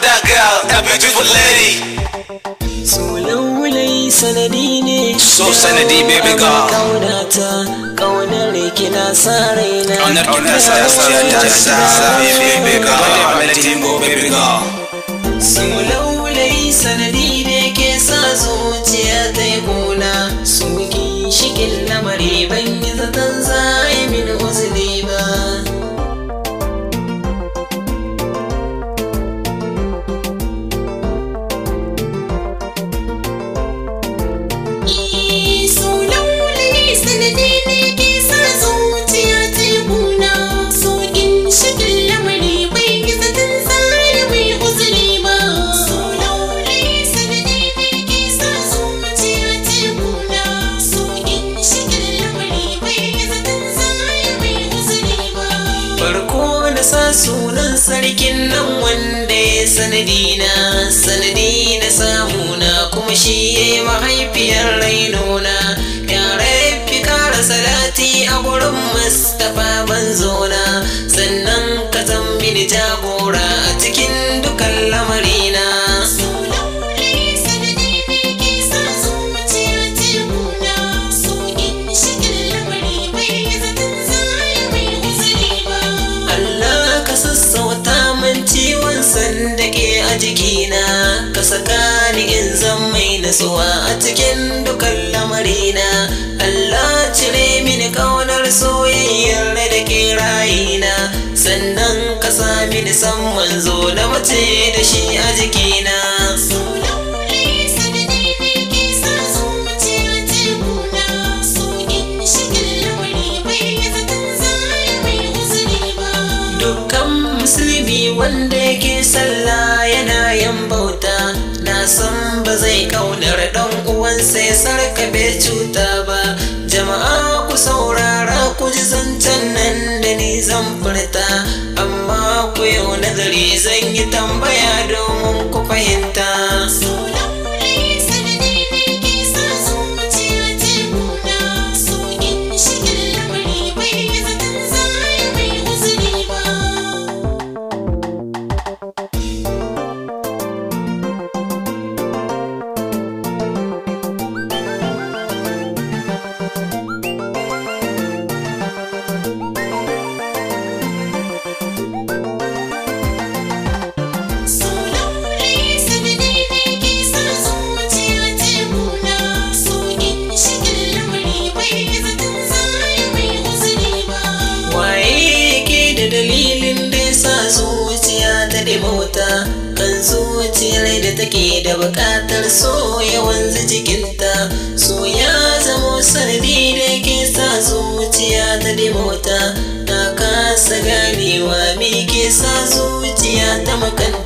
that girl, that beautiful lady. So laulai sanadi ne. So baby girl. Kaunata, baby girl. baby girl. So ke sa zuciya ta yi gona. So ki lamari sanadina sanadina samuna kuma shi ya yi mahaifiyar rainona ya raifi kara salati a gurin mustapha banzona sannan ka zan mini jagora a cikin dukan lamari jikina ka saka ni in zan mai nasuwa a cikin dukan lamarina Allah cire mini kaunar soyayyar da ke rayina sannan ka sa mini san manzo na mace da shi a jikina wanda yake sallah na yan bauta na san ba zai kaunar dan uwan sai sarka bai cuta ba jama'a ku saurara ku ji zancen nan da ni zan furta amma ku yau nazari zan yi tambaya Bukatar so ya wanzu jikinta so ya zamo sanadi da ke sa zuciya ta dimota na kasa ganewa me ke sa zuciya ta makanta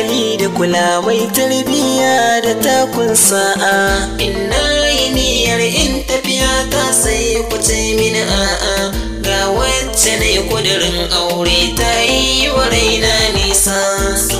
hankali da kulawai tarbiyya da takun sa'a Ina yi niyyar in tafiya ta sai ku ce mini a'a ga wacce ne kudirin aure ta yi wa raina nisa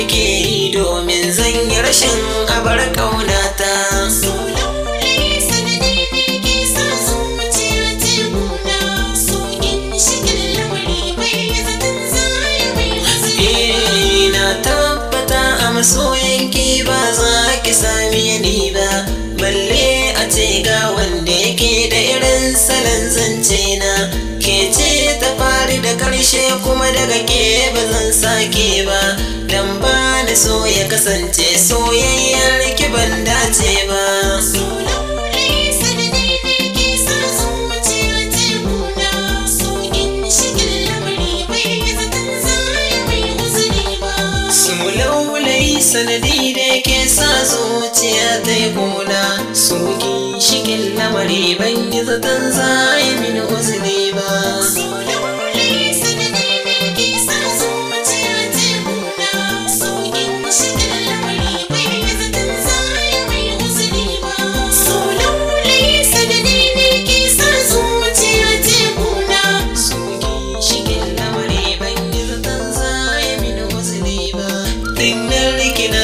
nake yi domin zan yi rashin abar ƙaunata. karshe kuma daga ke ba zan sake ba dan ba da so ya kasance soyayyar ki ban dace ba sanadi da ke sa zuciya ta yi kuna soki shigin lamari ban yi zaton za yi mini ba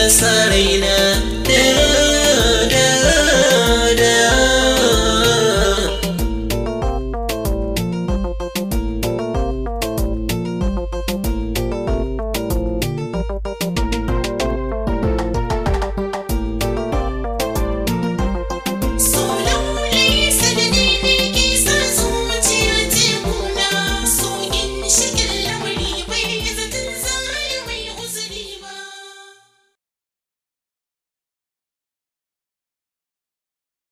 sarai